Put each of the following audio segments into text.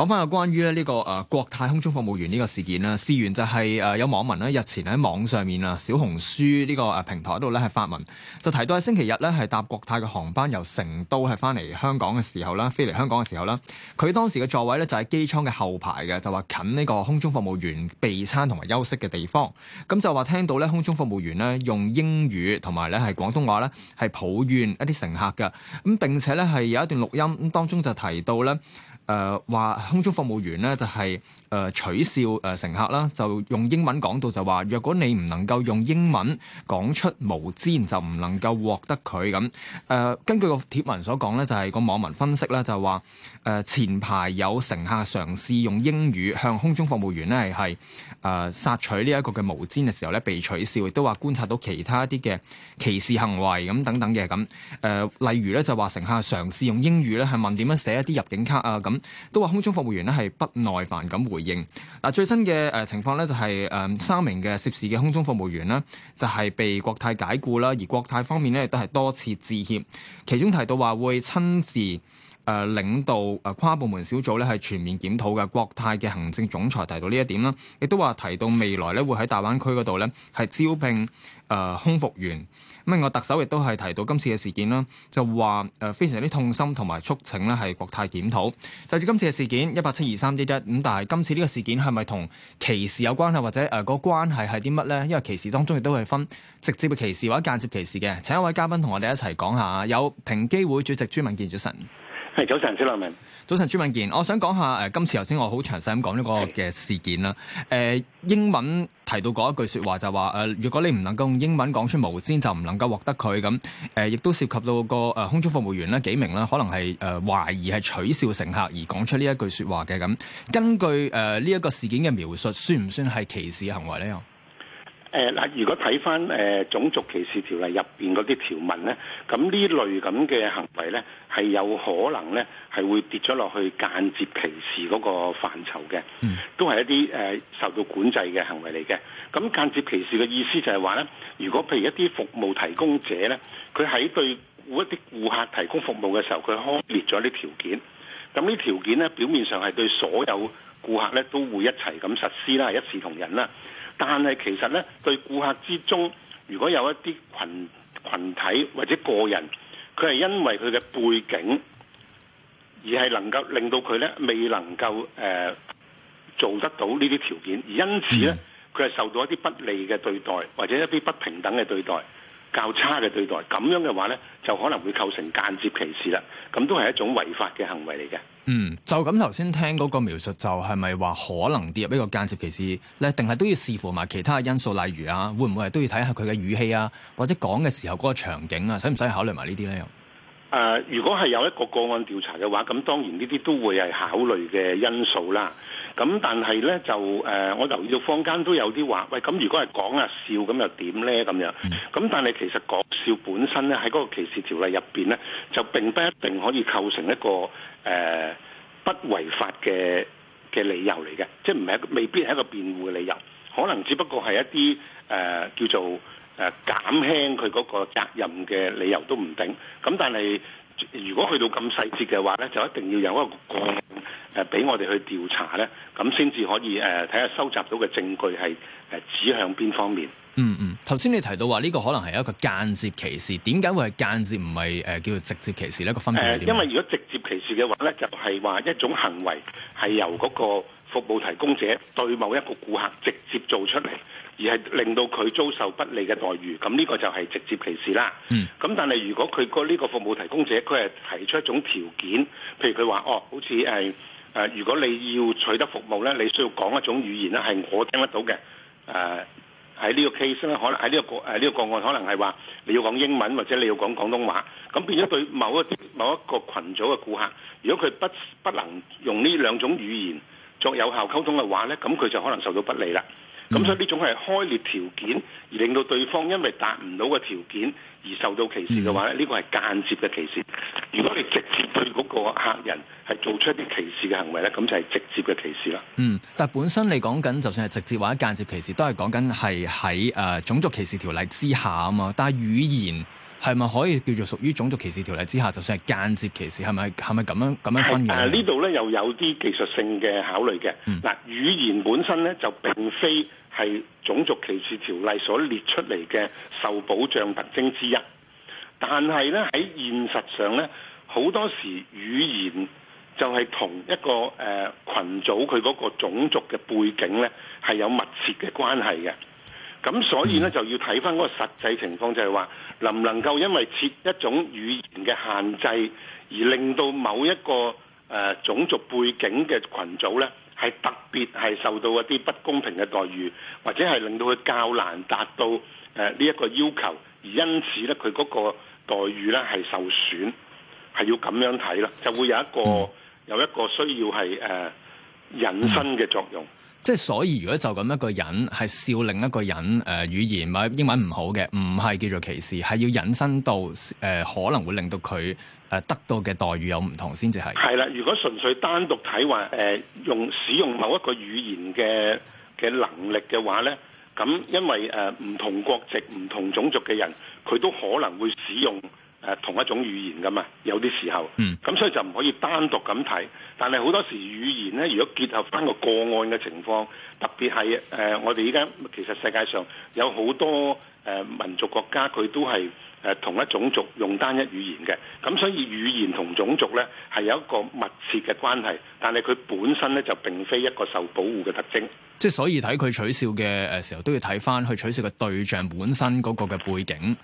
講翻個關於呢、這個誒、呃、國泰空中服務員呢個事件啦，事源就係、是、誒、呃、有網民日前喺網上面小紅書呢個平台度呢係發文，就提到喺星期日呢係搭國泰嘅航班由成都係翻嚟香港嘅時候啦，飛嚟香港嘅時候啦，佢當時嘅座位呢就喺機艙嘅後排嘅，就話近呢個空中服務員備餐同埋休息嘅地方，咁就話聽到呢空中服務員呢用英語同埋呢係廣東話呢係抱怨一啲乘客嘅，咁並且呢係有一段錄音咁當中就提到呢。誒、呃、話空中服務員呢，就係、是、誒、呃、取笑誒、呃、乘客啦，就用英文講到就話，若果你唔能夠用英文講出毛氈，就唔能夠獲得佢咁。誒、呃、根據個貼文所講呢，就係、是、個網民分析呢，就話誒、呃、前排有乘客嘗試用英語向空中服務員呢係誒索取呢一個嘅毛氈嘅時候呢，被取笑，亦都話觀察到其他一啲嘅歧視行為咁等等嘅咁。誒、呃、例如呢，就話乘客嘗試用英語呢，係問點樣寫一啲入境卡啊咁。都話空中服務員咧係不耐煩咁回應嗱，最新嘅誒情況咧就係誒三名嘅涉事嘅空中服務員呢，就係被國泰解僱啦，而國泰方面咧亦都係多次致歉，其中提到話會親自。誒領導誒跨部門小組咧，係全面檢討嘅。國泰嘅行政總裁提到呢一點啦，亦都話提到未來咧會喺大灣區嗰度咧係招聘誒、呃、空服員。咁另外特首亦都係提到今次嘅事件啦，就話誒非常之痛心，同埋促請呢係國泰檢討。就住今次嘅事件一八七二三一一咁，1723D，但係今次呢個事件係咪同歧視有關係或者誒個關係係啲乜咧？因為歧視當中亦都係分直接嘅歧視或者間接歧視嘅。請一位嘉賓同我哋一齊講下，有平機會主席朱敏健主席。係早晨，朱敏健。早晨，朱敏健。我想講下誒、呃，今次頭先我好詳細咁講呢個嘅事件啦。誒、呃，英文提到過一句說話就話誒、呃，如果你唔能夠用英文講出無，先就唔能夠獲得佢咁。誒、呃，亦都涉及到那個誒、呃，空中服務員呢幾名啦，可能係誒懷疑係取笑乘客而講出呢一句說話嘅咁。根據誒呢一個事件嘅描述，算唔算係歧視行為咧？又？嗱、呃，如果睇翻誒種族歧視條例入面嗰啲條文咧，咁呢類咁嘅行為咧，係有可能咧係會跌咗落去間接歧視嗰個範疇嘅，都係一啲誒、呃、受到管制嘅行為嚟嘅。咁間接歧視嘅意思就係話咧，如果譬如一啲服務提供者咧，佢喺對一啲顧客提供服務嘅時候，佢開列咗啲條件，咁呢條件咧表面上係對所有顧客咧都會一齊咁實施啦，一視同仁啦。但係其實咧，對顧客之中，如果有一啲羣羣體或者個人，佢係因為佢嘅背景，而係能夠令到佢咧未能夠誒做得到呢啲條件，而因此咧，佢係受到一啲不利嘅對待，或者一啲不平等嘅對待、較差嘅對待，咁樣嘅話咧，就可能會構成間接歧視啦。咁都係一種違法嘅行為嚟嘅。嗯，就咁頭先聽嗰個描述，就係咪話可能跌入一個間接歧視咧？定係都要視乎埋其他嘅因素，例如啊，會唔會係都要睇下佢嘅語氣啊，或者講嘅時候嗰個場景啊，使唔使考慮埋呢啲咧？又、呃、如果係有一個個案調查嘅話，咁當然呢啲都會係考慮嘅因素啦。咁但係咧就、呃、我留意到坊間都有啲話，喂，咁如果係講啊笑咁又點咧？咁樣咁，但係其實講笑本身咧喺嗰個歧視條例入邊咧，就並不一定可以構成一個誒、呃，不違法嘅嘅理由嚟嘅，即係唔係一未必係一個辯護嘅理由，可能只不過係一啲誒、呃、叫做誒減輕佢嗰個責任嘅理由都唔定。咁但係如果去到咁細節嘅話咧，就一定要有一個個。誒俾我哋去調查咧，咁先至可以誒睇下收集到嘅證據係誒指向邊方面。嗯嗯，頭先你提到話呢個可能係一個間接歧視，點解會係間接唔係誒叫做直接歧視咧？個分別係點？誒，因為如果直接歧視嘅話咧，就係話一種行為係由嗰個服務提供者對某一個顧客直接做出嚟，而係令到佢遭受不利嘅待遇。咁呢個就係直接歧視啦。嗯。咁但係如果佢個呢個服務提供者佢係提出一種條件，譬如佢話哦，好似誒誒，如果你要取得服務咧，你需要講一種語言咧，係我聽得到嘅。誒，喺呢個 case 咧，這個，這個，個可能喺呢個個誒呢個個案，可能係話你要講英文或者你要講廣東話。咁變咗對某一某一個群組嘅顧客，如果佢不不能用呢兩種語言作有效溝通嘅話咧，咁佢就可能受到不利啦。咁、嗯、所以呢種係開列條件，而令到對方因為達唔到個條件而受到歧視嘅話咧，呢個係間接嘅歧視。如果你直接對嗰個客人係做出一啲歧視嘅行為咧，咁就係直接嘅歧視啦。嗯，但本身你講緊就算係直接或者間接歧視，都係講緊係喺誒種族歧視條例之下啊嘛。但係語言。係咪可以叫做屬於種族歧視條例之下？就算係間接歧視，係咪係咪咁樣咁樣分㗎？啊、這裏呢度咧又有啲技術性嘅考慮嘅。嗱、嗯，語言本身咧就並非係種族歧視條例所列出嚟嘅受保障特徵之一，但係咧喺現實上咧，好多時語言就係同一個誒羣、呃、組佢嗰個種族嘅背景咧係有密切嘅關係嘅。咁、嗯、所以咧就要睇返嗰個實際情況就，就係話能唔能夠因為設一種語言嘅限制，而令到某一個誒、呃、種族背景嘅群組咧，係特別係受到一啲不公平嘅待遇，或者係令到佢較難達到呢一、呃這個要求，而因此咧佢嗰個待遇咧係受損，係要咁樣睇啦就會有一個有一個需要係誒引申嘅作用。即係所以，如果就咁一個人係笑另一個人誒、呃、語言，或英文唔好嘅，唔係叫做歧視，係要引申到誒、呃、可能會令到佢、呃、得到嘅待遇有唔同先至係。係啦，如果純粹單獨睇話、呃、用使用某一個語言嘅嘅能力嘅話咧，咁因為誒唔、呃、同國籍、唔同種族嘅人，佢都可能會使用。誒同一種語言噶嘛，有啲時候，咁、嗯、所以就唔可以單獨咁睇。但係好多時語言呢，如果結合翻個個案嘅情況，特別係誒、呃、我哋依家其實世界上有好多誒、呃、民族國家，佢都係誒、呃、同一種族用單一語言嘅。咁所以語言同種族呢，係有一個密切嘅關係，但係佢本身呢，就並非一個受保護嘅特徵。即係所以睇佢取笑嘅誒時候，都要睇翻佢取笑嘅對象本身嗰個嘅背景。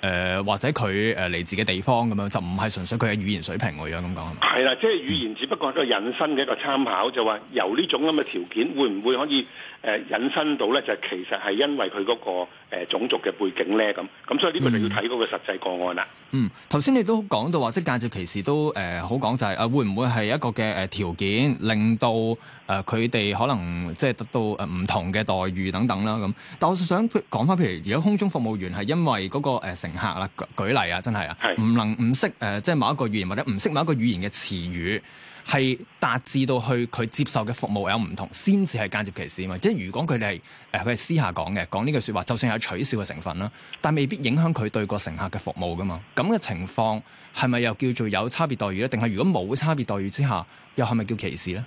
誒或者佢誒嚟自嘅地方咁樣，就唔係純粹佢嘅語言水平我而家咁講。係啦，即係語言只不過係一個引申嘅一個參考，就話由呢種咁嘅條件，會唔會可以誒引申到咧？就係其實係因為佢嗰個誒種族嘅背景咧，咁咁所以呢個就要睇嗰個實際個案啦。嗯，頭先你都講到話，即係間接歧視都誒好講，就係啊，會唔會係一個嘅誒條件，令到誒佢哋可能即係得到誒唔同嘅待遇等等啦咁。但係我想講翻，譬如如果空中服務員係因為嗰個誒成客啦，舉例啊，真係啊，唔能唔識誒，即係某一個語言或者唔識某一個語言嘅詞語，係達至到去佢接受嘅服務有唔同，先至係間接歧視嘛。即係如果佢哋係誒佢係私下講嘅，講呢句説話，就算有取笑嘅成分啦，但未必影響佢對個乘客嘅服務㗎嘛。咁嘅情況係咪又叫做有差別待遇咧？定係如果冇差別待遇之下，又係咪叫歧視咧？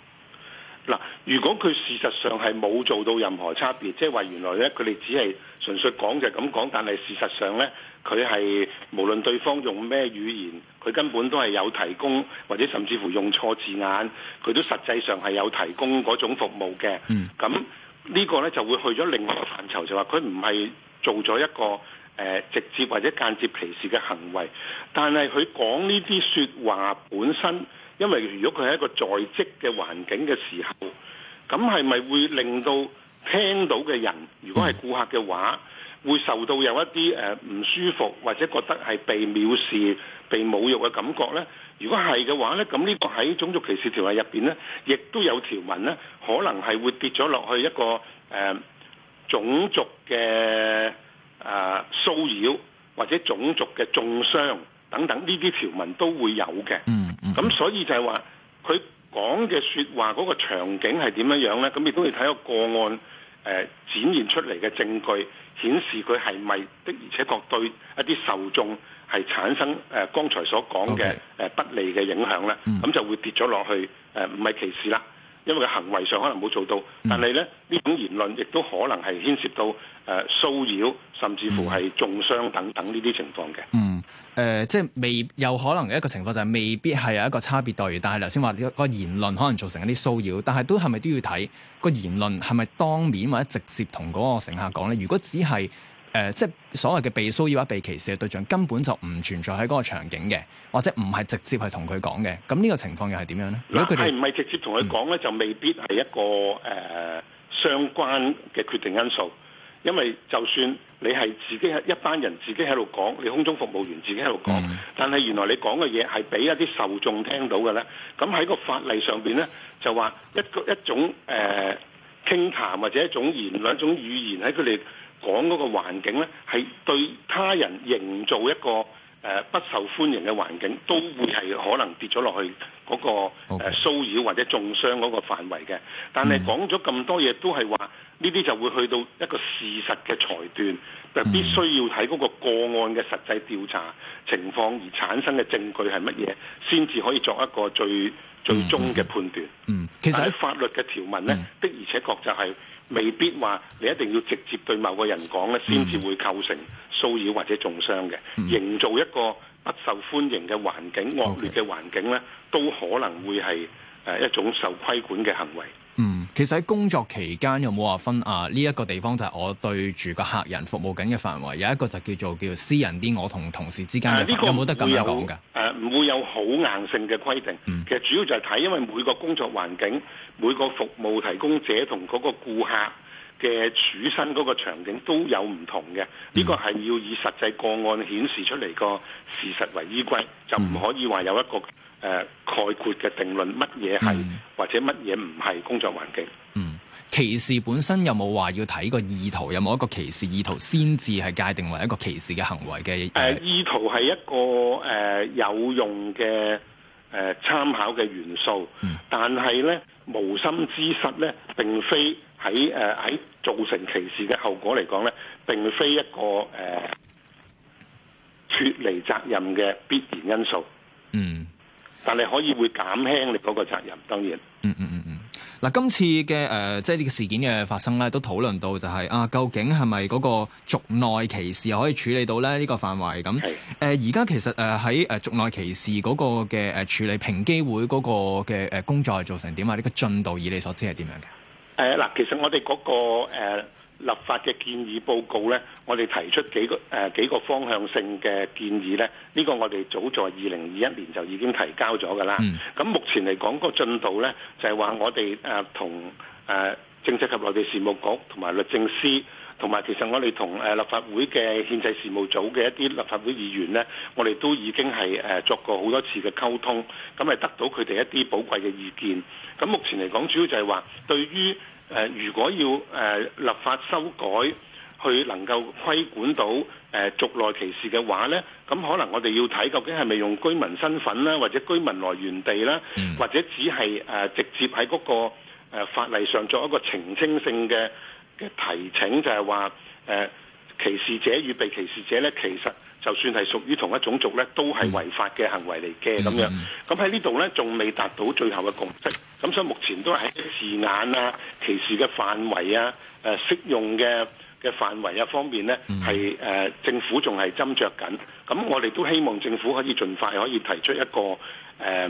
嗱，如果佢事實上係冇做到任何差別，即係話原來咧，佢哋只係純粹講就係咁講，但係事實上咧，佢係無論對方用咩語言，佢根本都係有提供，或者甚至乎用錯字眼，佢都實際上係有提供嗰種服務嘅。嗯，咁呢個咧就會去咗另外一個範疇，就係話佢唔係做咗一個誒、呃、直接或者間接歧視嘅行為，但係佢講呢啲説話本身。因為如果佢係一個在職嘅環境嘅時候，咁係咪會令到聽到嘅人，如果係顧客嘅話，會受到有一啲誒唔舒服，或者覺得係被藐視、被侮辱嘅感覺呢？如果係嘅話呢，咁呢個喺種族歧視條例入邊呢，亦都有條文呢，可能係會跌咗落去一個誒、呃、種族嘅誒、呃、騷擾或者種族嘅重傷等等呢啲條文都會有嘅。嗯。咁 所以就係話，佢講嘅說話嗰個場景係點樣樣咧？咁亦都要睇個個案，呃、展現出嚟嘅證據顯示佢係咪的而且確對一啲受眾係產生、呃、剛才所講嘅、呃、不利嘅影響咧？咁、okay. 就會跌咗落去，呃、唔係歧視啦。因為佢行為上可能冇做到，但係咧呢這種言論亦都可能係牽涉到誒、呃、騷擾，甚至乎係中傷等等呢啲情況嘅。嗯，誒、呃、即係未有可能嘅一個情況就係未必係有一個差別待遇，但係頭先話個言論可能造成一啲騷擾，但係都係咪都要睇個言論係咪當面或者直接同嗰個乘客講咧？如果只係，誒、呃，即係所謂嘅被騷擾或者被歧視嘅對象根本就唔存在喺嗰個場景嘅，或者唔係直接係同佢講嘅。咁呢個情況又係點樣呢？如果佢哋係唔係直接同佢講咧，就未必係一個誒、呃、相關嘅決定因素。因為就算你係自己係一班人自己喺度講，你空中服務員自己喺度講，但係原來你講嘅嘢係俾一啲受眾聽到嘅咧。咁喺個法例上邊咧，就話一個一種誒傾、呃、談、談或者一種言兩種語言喺佢哋。講嗰個環境呢，係對他人營造一個誒、呃、不受歡迎嘅環境，都會係可能跌咗落去嗰、那個誒、Okay. 呃、騷擾或者中傷嗰個範圍嘅。但係講咗咁多嘢，都係話呢啲就會去到一個事實嘅裁斷，就必須要睇嗰個個案嘅實際調查情況而產生嘅證據係乜嘢，先至可以作一個最。最終嘅判斷，嗯嗯、其實喺法律嘅條文呢、嗯，的而且確就係未必話你一定要直接對某個人講咧，先至會構成騷擾或者中傷嘅、嗯嗯。營造一個不受歡迎嘅環境、惡劣嘅環境呢，okay. 都可能會係、呃、一種受規管嘅行為。其實喺工作期間有冇話分啊？呢、這、一個地方就係我對住個客人服務緊嘅範圍，有一個就叫做叫私人啲，我同同事之間的、啊這個、有冇得咁講㗎？誒，唔、啊、會有好硬性嘅規定、嗯。其實主要就係睇，因為每個工作環境、每個服務提供者同嗰個顧客嘅處身嗰個場景都有唔同嘅。呢、這個係要以實際個案顯示出嚟個事實為依歸，就唔可以話有一個、嗯誒、呃、概括嘅定論乜嘢係或者乜嘢唔係工作環境？嗯，歧視本身有冇話要睇個意圖？有冇一個歧視意圖先至係界定為一個歧視嘅行為嘅、呃啊？意圖係一個、呃、有用嘅、呃、參考嘅元素，嗯、但係咧無心之失咧，並非喺、呃、喺造成歧視嘅後果嚟講咧，並非一個誒脫離責任嘅必然因素。但係可以會減輕你嗰個責任，當然。嗯嗯嗯嗯。嗱、嗯，今次嘅、呃、即係呢個事件嘅發生咧，都討論到就係、係、啊，究竟係咪嗰個族內歧視可以處理到咧？呢、呢個範圍咁。而家、呃、其實誒喺誒族內歧視嗰個嘅處理平機會嗰個嘅工作係做成點啊？呢、呢個進度以你所知係點樣嘅？嗱、呃，其實我哋嗰、嗰個、呃立法嘅建議報告呢，我哋提出幾個誒、呃、幾個方向性嘅建議呢。呢、這個我哋早在二零二一年就已經提交咗㗎啦。咁、嗯、目前嚟講個進度呢就係、是、話我哋同、呃呃、政制及內地事務局同埋律政司，同埋其實我哋同、呃、立法會嘅憲制事務組嘅一啲立法會議員呢，我哋都已經係誒、呃、作過好多次嘅溝通，咁係得到佢哋一啲寶貴嘅意見。咁目前嚟講，主要就係話對於。誒、呃，如果要誒、呃、立法修改，去能夠規管到誒族、呃、內歧視嘅話咧，咁可能我哋要睇究竟係咪用居民身份啦，或者居民來源地啦，或者只係誒、呃、直接喺嗰、那個、呃、法例上作一個澄清性嘅嘅提請，就係話誒歧視者與被歧視者咧，其實。就算係屬於同一種族是、嗯、呢，都係違法嘅行為嚟嘅咁樣。咁喺呢度呢，仲未達到最後嘅共識。咁所以目前都係字眼啊、歧視嘅範圍啊、誒、啊、適用嘅嘅範圍一、啊、方面呢，係、嗯、誒、呃、政府仲係斟酌緊。咁我哋都希望政府可以盡快可以提出一個誒誒、呃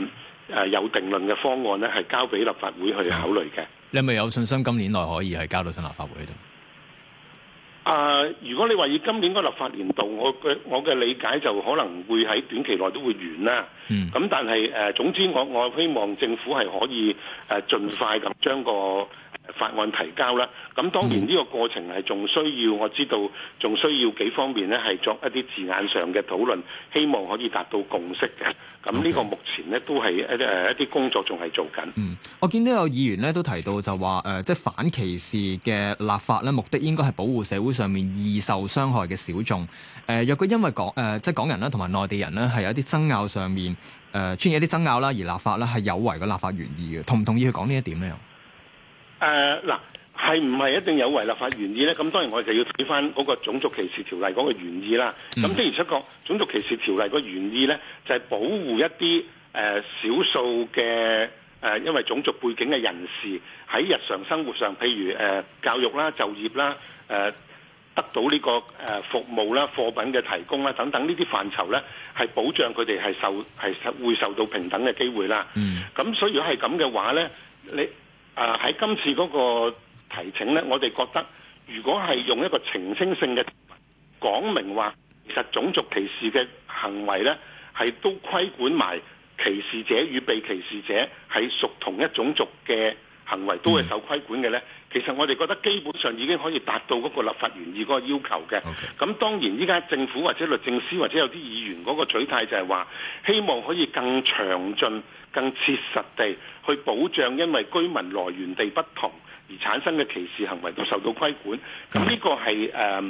呃、有定論嘅方案呢，係交俾立法會去考慮嘅。你係咪有信心今年內可以係交到上立法會度？啊、呃，如果你話以今年個立法年度，我嘅我嘅理解就可能會喺短期內都會完啦、啊。咁、嗯、但係誒、呃，總之我我希望政府係可以誒盡、呃、快咁將個。法案提交啦，咁當然呢個過程係仲需要、嗯，我知道仲需要幾方面呢，係作一啲字眼上嘅討論，希望可以達到共識嘅。咁呢個目前呢，都、okay. 係、呃、一啲誒一啲工作仲係做緊。嗯，我見到有議員呢都提到就話誒、呃，即係反歧視嘅立法呢，目的應該係保護社會上面易受傷害嘅小眾。誒、呃，若果因為港誒、呃、即係港人咧同埋內地人呢，係有一啲爭拗上面誒出現一啲爭拗啦，而立法呢係有違個立法原意嘅，同唔同意佢講呢一點呢？誒嗱，係唔係一定有違立法原意咧？咁當然我哋就要睇翻嗰個種族歧視條例嗰個原意啦。咁、mm-hmm、的而且確種族歧視條例嗰個原意咧，就係、是、保護一啲呃、少數嘅、呃、因為種族背景嘅人士喺日常生活上，譬如、呃、教育啦、就業啦、呃、得到呢個服務啦、貨品嘅提供啦等等呢啲範疇咧，係保障佢哋係受係會受到平等嘅機會啦。嗯，咁所以如果係咁嘅話咧，你。啊！喺今次嗰個提請呢，我哋覺得如果係用一個澄清性嘅講明話，其實種族歧視嘅行為呢，係都規管埋歧視者與被歧視者係屬同一種族嘅。行為都係受規管嘅呢。其實我哋覺得基本上已經可以達到嗰個立法原意嗰個要求嘅。咁、okay。當然依家政府或者律政司或者有啲議員嗰個取態就係話，希望可以更詳盡、更切實地去保障，因為居民來源地不同而產生嘅歧視行為都受到規管。咁呢個係喺、呃、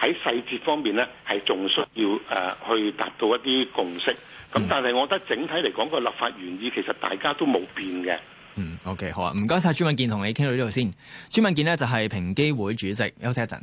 細節方面呢，係仲需要、呃、去達到一啲共識。咁但係我覺得整體嚟講，個立法原意其實大家都冇變嘅。嗯，OK，好啊，唔該晒朱敏健，同你傾到呢度先。朱敏健咧，就係平機會主席，休息一陣。